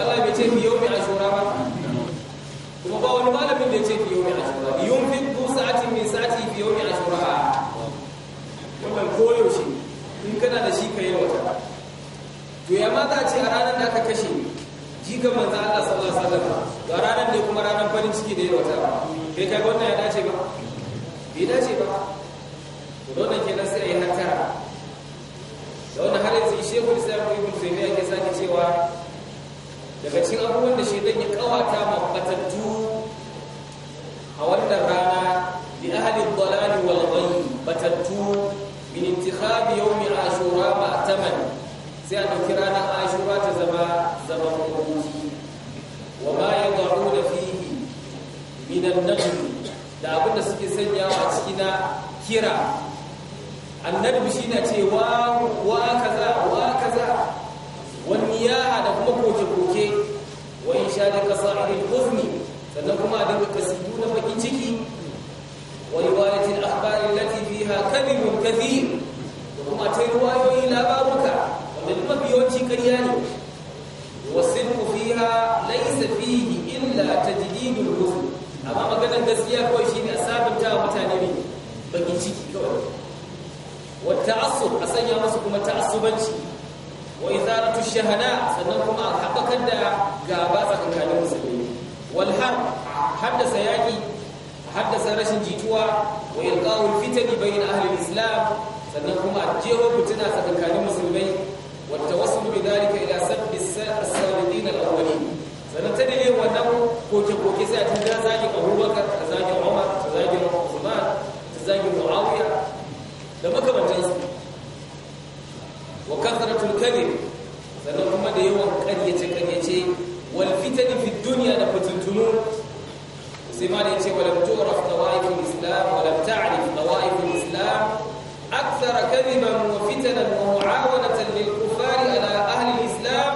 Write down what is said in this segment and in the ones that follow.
Allah bai ce fi yawmi ashura ba kuma ba wani malamin da ya ce fi yawmi ashura yunfiq du sa'atin min sa'ati fi yawmi ashura wannan koyaushe in kana da shi ka wata. to ya mata ce a ranar da aka kashe Ji jikan manzo Allah sallallahu alaihi wasallam Da ranar ne kuma ranar farin ciki da yawata kai kai wannan ya dace ba bai dace ba to dole kenan sai ayi hattara da wannan har yanzu shekul islam ibn taymiya ke sake cewa daga cikin abubuwan da shaidan ya kawata mabatattu a wannan rana li ahli dhalali wal ghayb batattu min intikhab yawm ashura ma'taman sai a dauki ranar ashura ta zama zaman kuruji wa ma yad'una fihi min an-najm da abin da suke sanyawa a ciki na kira annabi shine ce wa wa kaza wa kaza wal miyaha da kuma koke-koke wa insha da kasa'iril huzni sannan kuma a dinga kasidu na bakin ciki wa riwayatil akhbari allati fiha kadhibun kathir da kuma ta riwayoyi labaruka wanda duk mafiyoci ƙarya ne wa ku fiya laysa fihi illa tajdidul huzn amma maganar gaskiya kawai shine a sabunta wa mutane ne bakin ciki kawai wa a sanya masu kuma ta asubanci. Wai izaratu shahada sannan kuma a haɓakar da gaba tsakankanin musulmi wal har haddasa yaƙi haddasa rashin jituwa wa ilqa'ul fitani bayan ahli islam sannan kuma a jeho fitina tsakankanin musulmai Wata wasu bi dhalika ila sabbi as-salihin al sannan ta dalilin wannan koke-koke sai a tun ta zagin abubakar ta zagin umar ta zagin usman ta zagin muawiya da makamantansu wa kathratul kadhib sannan kuma da yawan ƙaryace ƙaryace wal fitani fid dunya da fitintunu sai ma da yace walam tu'raf tawaiful islam walam ta'rif tawaiful islam akthar kadhiban wa fitanan wa mu'awanatan lil kufari ala ahli islam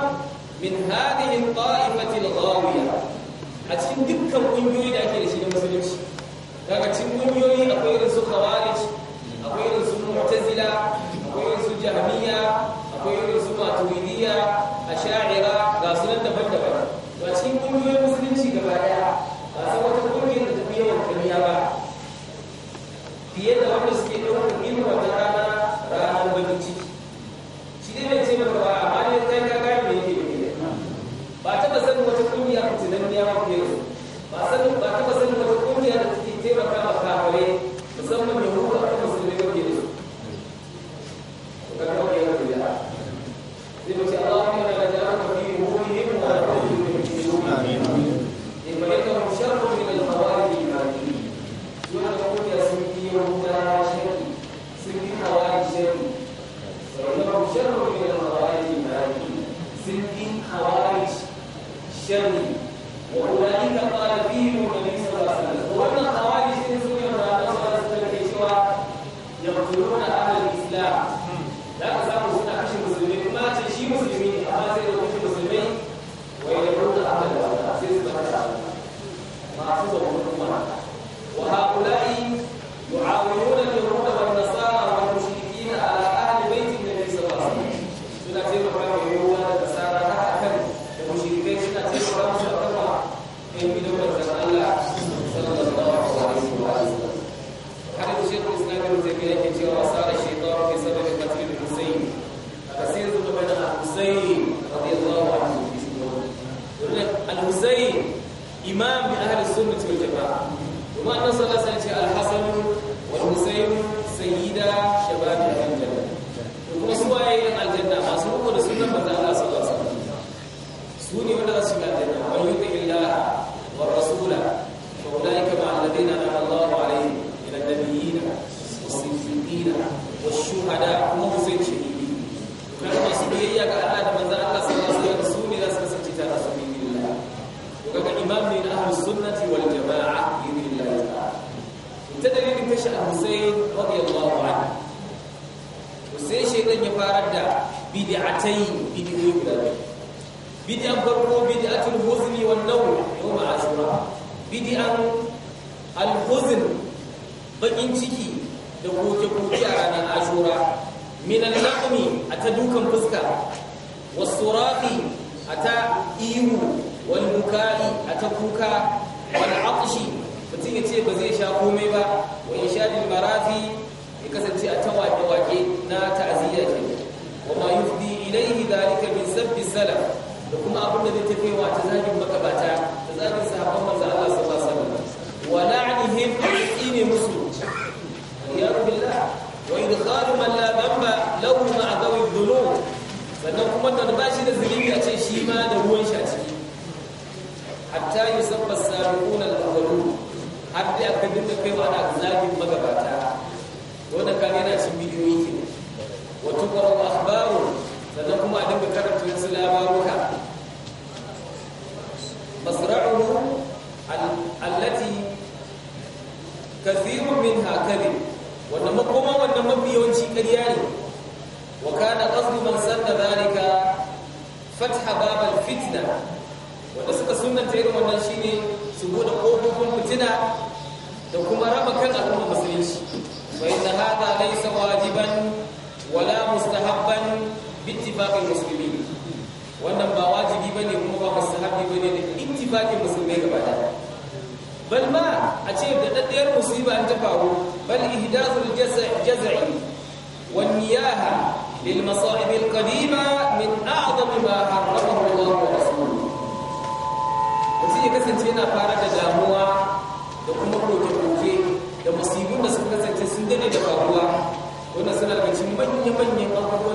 min hadhihi at-ta'ifati al-ghawiya a cikin dukkan kungiyoyi da ake da shi na musulunci daga cikin kungiyoyi akwai irin su khawarij jahmiya akwai irin su maturidiya a sha'ira ga su nan daban-daban ba cikin kungiyoyin musulunci gaba ɗaya ba san wata kungiyar da ta fi yawan kariya ba fiye da wanda suke ɗaukar irin wata rana ranar bakin ciki shi dai bai ce maka ba amma ne kai ka gane me yake ne ba ta ba sanin wata kungiya ta ce nan ba fiye yau ba ta ba sanin wata kungiya da take taimaka ma kafare musamman yahudu siddiqina wasu shuhada kuma ku sai shahidi to kan masu biyayya ga Allah da manzon a sallallahu alaihi wasallam su ne za su kasance tare su bi billah to kaga imam ne na ahlus sunnati wal jamaa bi billah ta dalilin kashi al-Husayn radiyallahu anhu to sai shaytan ya farar da bid'atai bid'o'i farko bid'atul huzni wan nawl ciki da koke-koke a ranar ashura minan na'umi a ta dukan fuska wasu rafi a ta ihu wani bukari a ta kuka wani akushi mutum ya ce ba zai sha komai ba wani sha marafi ya kasance a ta wake-wake na ta'aziyya ke wa ma yufdi ilaihi dalika min sabbi da kuma abin da zai tafi wa ta zagin makabata ta zagin sahabban manzo Allah sallallahu alaihi wasallam wala da zunubi a ce shi ma da ruwan shi a ciki hatta yi sabbar sabiqun al-awwalun har dai aka dinga kai wa ana zagin magabata wanda kan yana cin bidiyoyi ke wa tuqra akhbaru sannan kuma a dinga karanta wasu labaruka masra'uhu allati kathirun minha kadhib wannan makoma wanda mafi yawanci ƙarya ne wa kana qasdu man sanna dhalika fatha babal fitna wanda suka sunanta irin wannan shine su bude kofofin fitina da kuma raba kan al'umma musulunci fa inna hadha laysa wajiban wala mustahabban bi ittifaqil muslimin wannan ba wajibi bane kuma ba mustahabbi bane da ittifaqin musulmai gaba daya bal ma a ce da daddiyar musiba an ta faru bal ihdathul jaz'i wan niyaha للمصائب القديمة من أعظم ما حرمه الله ورسوله mutum ya kasance yana fara da damuwa da kuma koke-koke da musibin da suka kasance sun dade da faruwa wanda suna daga manya-manyan abubuwan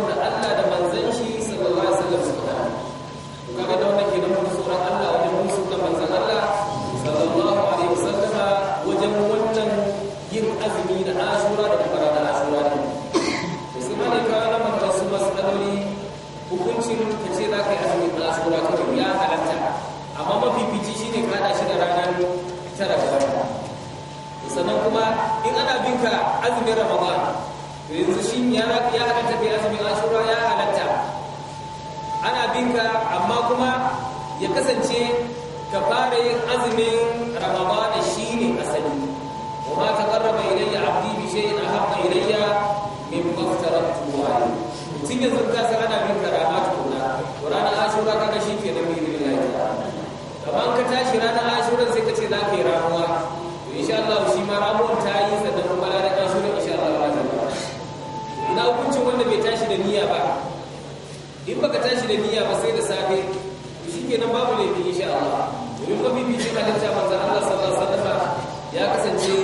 Ka kaga shi ke na biyu lillahi amma ka tashi ranar ashura sai ka ce za ka yi ramuwa to insha Allah shi ma ramuwar ta yi sannan kuma ranar ashura insha Allah ba ta yi ina hukuncin wanda bai tashi da niyya ba in baka tashi da niyya ba sai da safe to shi ke nan babu laifi insha Allah domin mafi bicin halitta manzan Allah sallallahu alaihi wasallam ya kasance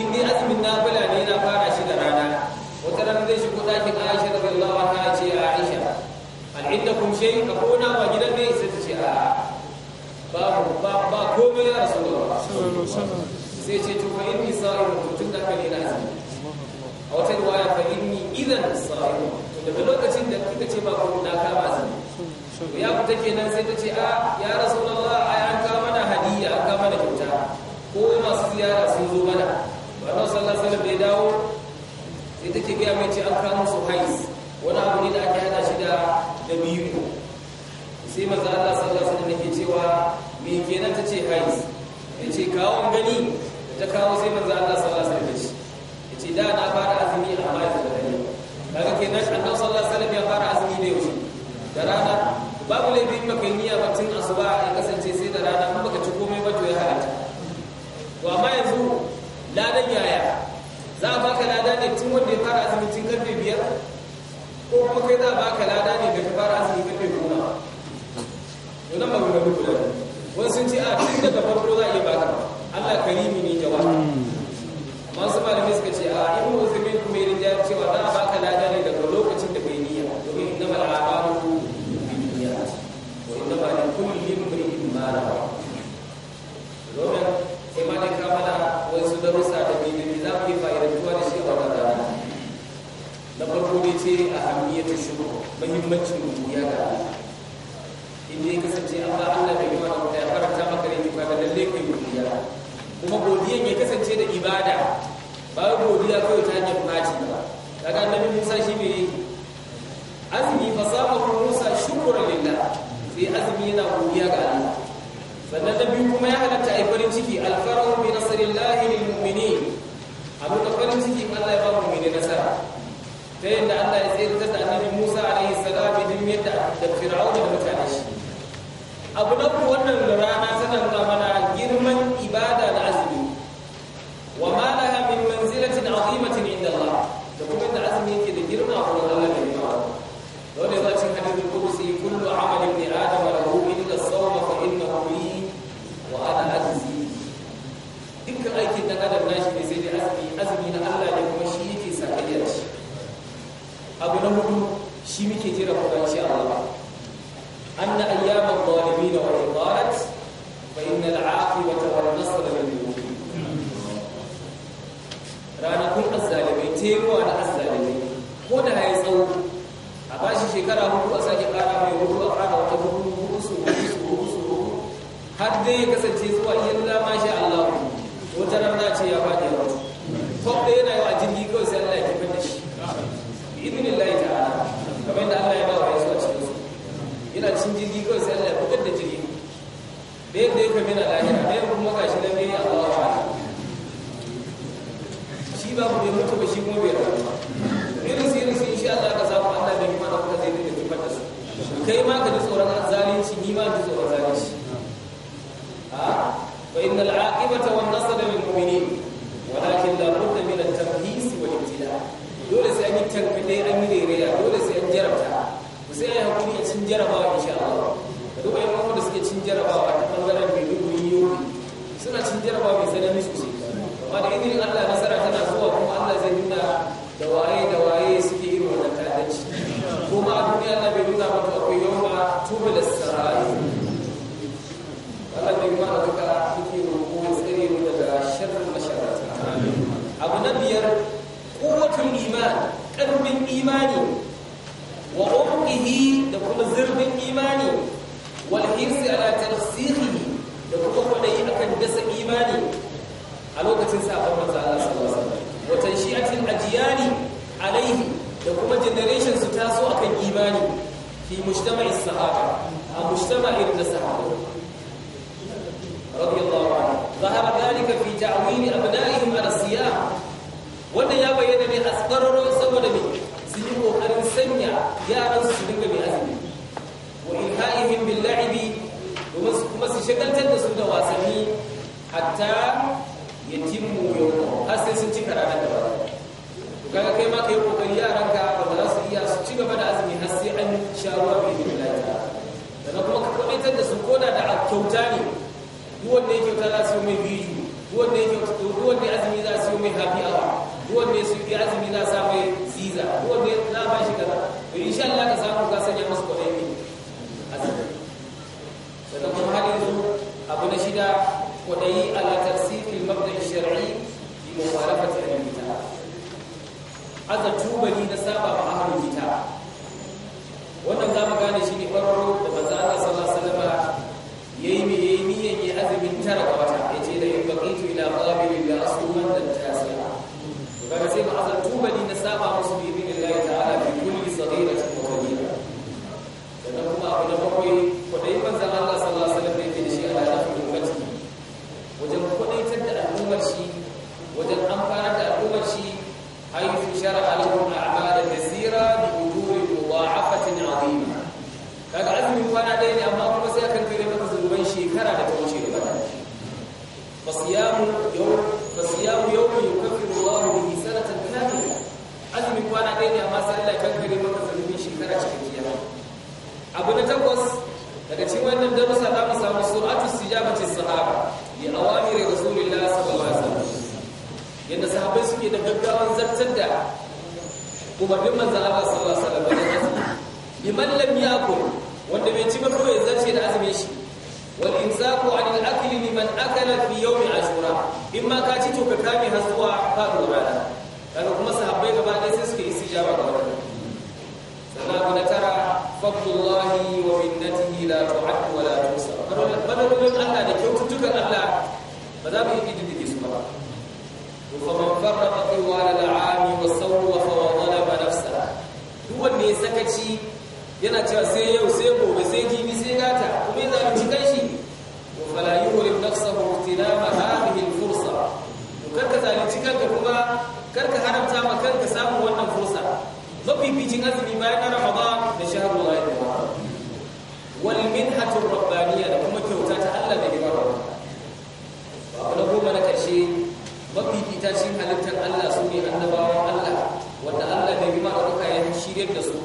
in dai azumin nafila ne na fara shi da rana wata rana zai shigo ɗakin Aisha radiyallahu anha ce Aisha hal inda kun shay ka kona ba gidan ne sai ta ce a ba ba ba komai ya rasulullah sai ce to fa inni sa'im mutun da kare na azumi a wata riwaya fa inni idan sa'im daga lokacin da kika ce ba ko ka ba azumi ya fita kenan sai ta ce a ya rasulullah ai an ka mana hadiya an ka mana kyauta ko masu ziyara sun zo mana wannan sallallahu alaihi wasallam bai dawo sai take ga mai ce an kawo su hais wani abu ne da ake na biyu sai maza Allah sallallahu alaihi wasallam ke cewa me kenan tace haiz yace kawo gani ta kawo sai maza Allah sallallahu alaihi wasallam yace da na fara azumi a yanzu da gani kaga kenan Allah sallallahu alaihi wasallam ya fara azumi da yau da rana babu laifi ba kai niyya ba tun asuba ya kasance sai da rana kuma baka ci komai ba to ya halatta to amma yanzu ladan yaya za a baka lada ne tun wanda ya fara azumi tun karfe biyar ko kuma kai za a baka lada ne daga fara azumi karfe goma to nan magana guda wani sun ce a ah, cikin daga farko za a iya baka Allah karimi yi eh, azumi yana godiya ga Allah sannan da biyu kuma ya halatta ai farin ciki alfarahu bi nasrillahi lil mu'minin abu da farin ciki Allah ya ba mu'mini nasara ta yadda Allah ya tsirtar da annabi Musa alaihi salam din yadda da Fir'auna da mutane shi abu na wannan rana tana nuna mana وإن ضاعت فإن والنصر للمؤمنين ranakun azzalimai teruwa na azzalimai ko da ya tsawo a bashi shekara hudu a sake kara mai hudu a kara wata hudu hudu su hudu su hudu su hudu har dai ya kasance zuwa yin dama sha ya faɗi ya yana sai Allah ya kifin da shi bi idinillahi ta'ala kamar yadda Allah ya ba wa yasu a cikin su yana cin jirgi kawai sai Allah ya da yadda yake mina lahira da yadda kuma gashi nan ne Allah wa shi ba ku bai mutu ba shi kuma bai rayu irin su irin su insha Allah ka samu Allah da kuma ka zai da kifar da su kai ma ka ji tsoron zalunci ni ma ji tsoron zalunci a fa innal aqibata wan nasra lil mu'minin walakin la budda min at tamhis wal ibtila dole sai an yi tarbide an yi rereya dole sai an jarabta sai ya hakuri a cin jarabawa insha Allah duk ayyukan da suke cin jarabawa jarabawa mai tsanani sosai da Allah nasara tana zuwa kuma Allah zai nuna da waye da waye suke irin wannan kuma a duniya Allah bai nuna maka akwai yawa Allah bai duka tsare mu daga sharrin masharata abu na biyar quwwatul iman imani wa umqihi da kuma zirbin imani مجتمع الصحابة أو مجتمع duk wanda ya kyauta za su yi mai biyu. duk wanda kyauta azumi za su yi mai happy hour duk suke azumi za su mai ziza duk wanda za ba shi kaza to sha Allah ka samu ka sanya musu kwaɗayi ne azumi sannan kuma har abu na shida kwaɗayi ala tarsifil mabda'i shar'i bi mukhalafati ahli kitab aza tubali na saba ma ahli kitab wannan za gane shi ne farko da manzo Allah sallallahu alaihi mutum ya azumin tara ga wata ya da in baqitu ila qabili la asuman dan tasi to kaga sai ba azan tubali na saba musu bi billahi ta'ala bi kulli saghiratin wa kabira sannan kuma abu na bakwai in ma ka ci to ka kame har zuwa faɗuwar rana daga kuma sahabbai gaba ɗaya sai suka yi istijaba ga wannan sannan abu na tara fadlullahi wa minnatihi la tu'addu wa la tuhsa madadin Allah da kyaututtukan Allah ba za mu yi kididdige su ba فمن فرق طوال العام وسوف وظلم نفسه duk wanda ya sakaci yana cewa sai yau sai gobe sai jibi sai gata kuma ya zalunci kanshi wa fala yuhrim nafsahu ihtilama kar ka haramta ma kanka samun wannan fursa mafificin azumi bayan na ramadan da shahrul ramadan wal minhatu rabbaniya da kuma kyauta ta Allah da gidan ramadan ba na goma na karshe shi halittar Allah su ne annabawan Allah wanda Allah da gidan ramadan ya shirye da su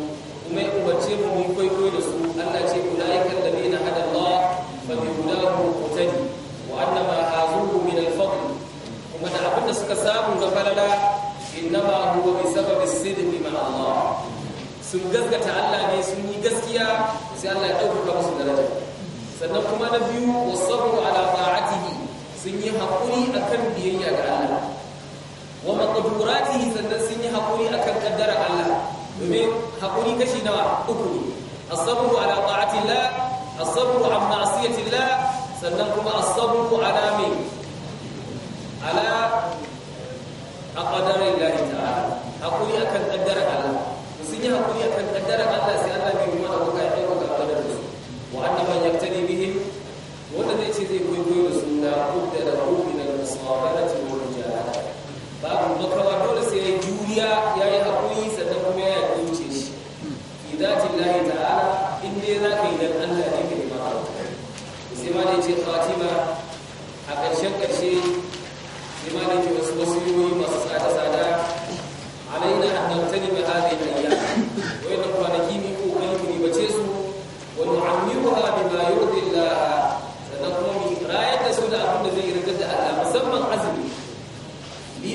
a ƙadarin lahi ta'ala haƙuri akan ƙaddara Allah sun yi haƙuri akan ƙaddara Allah sai Allah bai kuma da kuka yi ga ƙadar su wa anna man yaktani bihi wanda zai ce zai koyi da su na kudda da kudi na musawarati wa Ba babu makawa dole sai ya juriya ya yi haƙuri sannan kuma ya yaƙince shi fi zatin lahi ta'ala in dai za ka yi dan Allah ne kai maka sai ma da ya ce fatima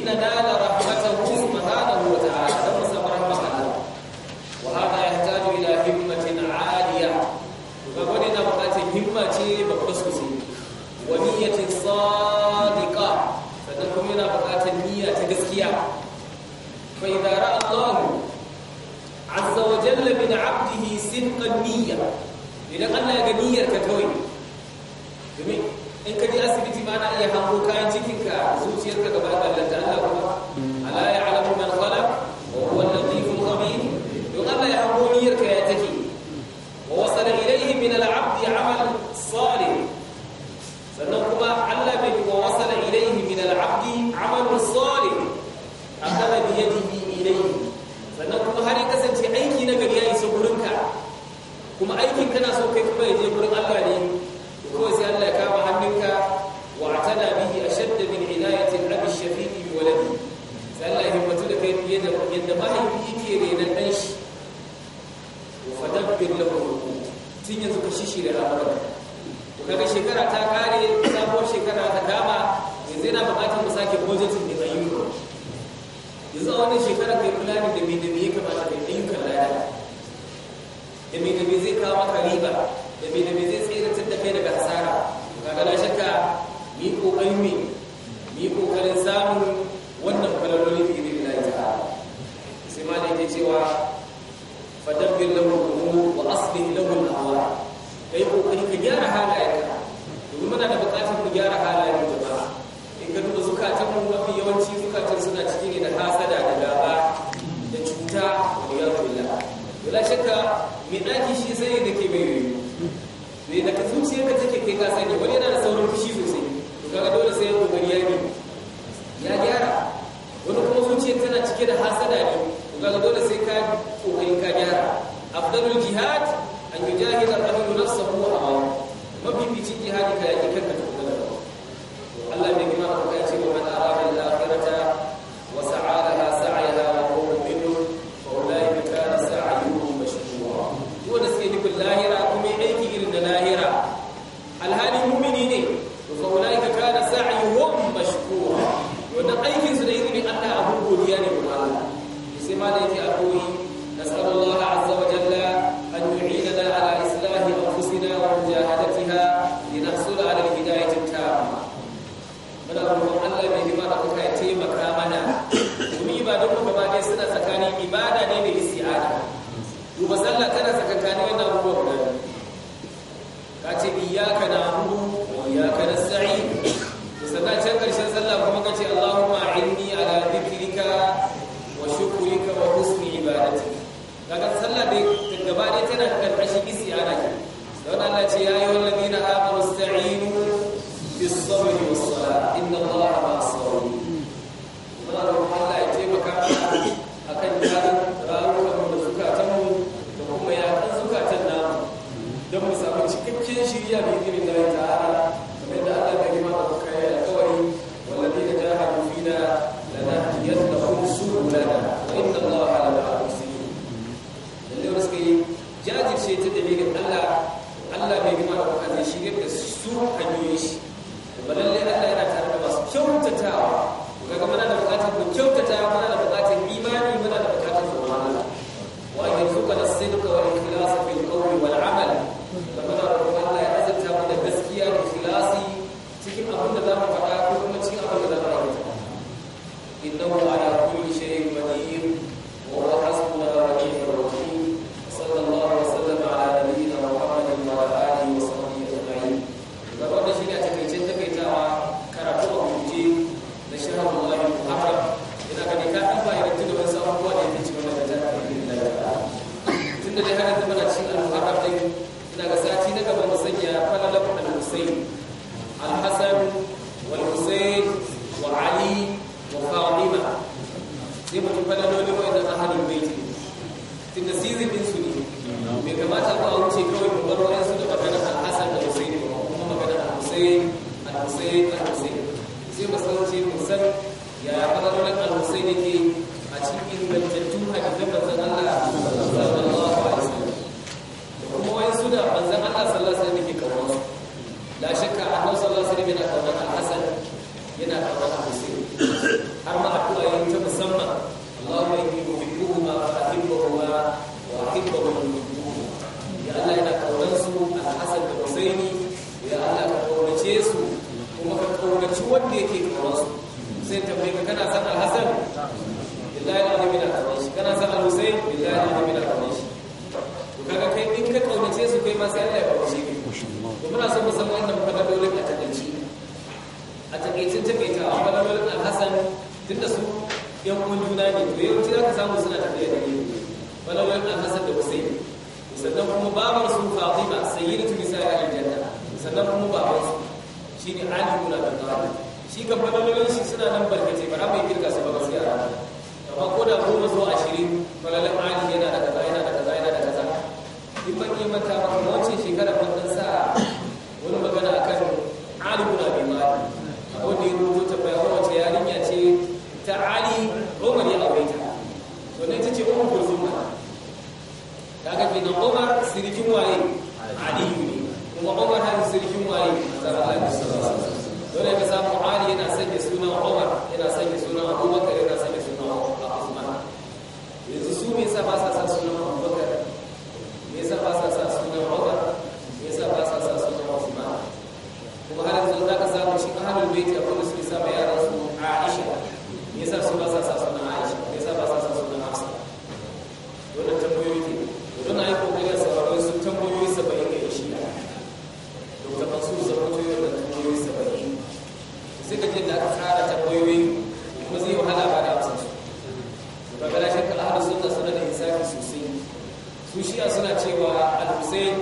da Domin in ka ji asibiti ba na iya hango kayan cikinka zuciyarka gaba-gaba. kamata ba a wuce kawai mu bar wa'ansu da maganar alhassan da husaini ba kuma yaya fadalar alhusaini a cikin ingantattun hadisan sai su kai ma sai Allah ya ba shi to muna so mu san wannan fadalolin a takaici a takaicin takaita a fadalolin al-Hasan tunda su yan uwan juna ne to yawanci za ka samu suna tafiya da ni fadalolin al-Hasan da Husayn sannan kuma babar su Fatima sai nisa'i al-janna sannan kuma babar su shine Ali ibn Abi Talib shi ka fadalolin shi suna nan barkace ba za mu yi su ba gaskiya amma ko da goma zuwa ashirin ba fadalan Ali سيركم واي علي وعمر هذا سيركم وعمر هنا سيد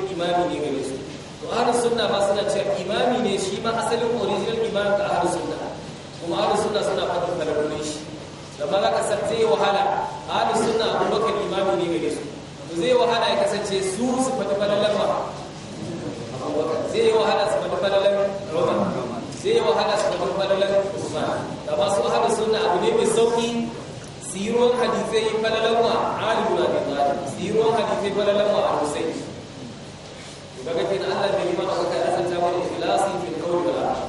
imami ne gare su to ahlus sunna ba suna cewa imami ne shi ma asalin original imam ta ahlus sunna kuma ahlus sunna suna fadin faraunin shi da malaka san zai wahala ahlus sunna abubakar imami ne gare su to zai wahala ya kasance su su fadi falalan ba zai wahala su fadi falalan roman zai wahala su fadi falalan usman da su ahlus sunna abu ne mai sauki siron hadisai falalan wa alimuna bin zalim siron hadisai falalan wa al daga kin Allah bai yi mana baka da san ta ba ikhlasi fil qawli wal amal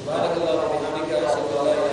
subhanakallahumma wa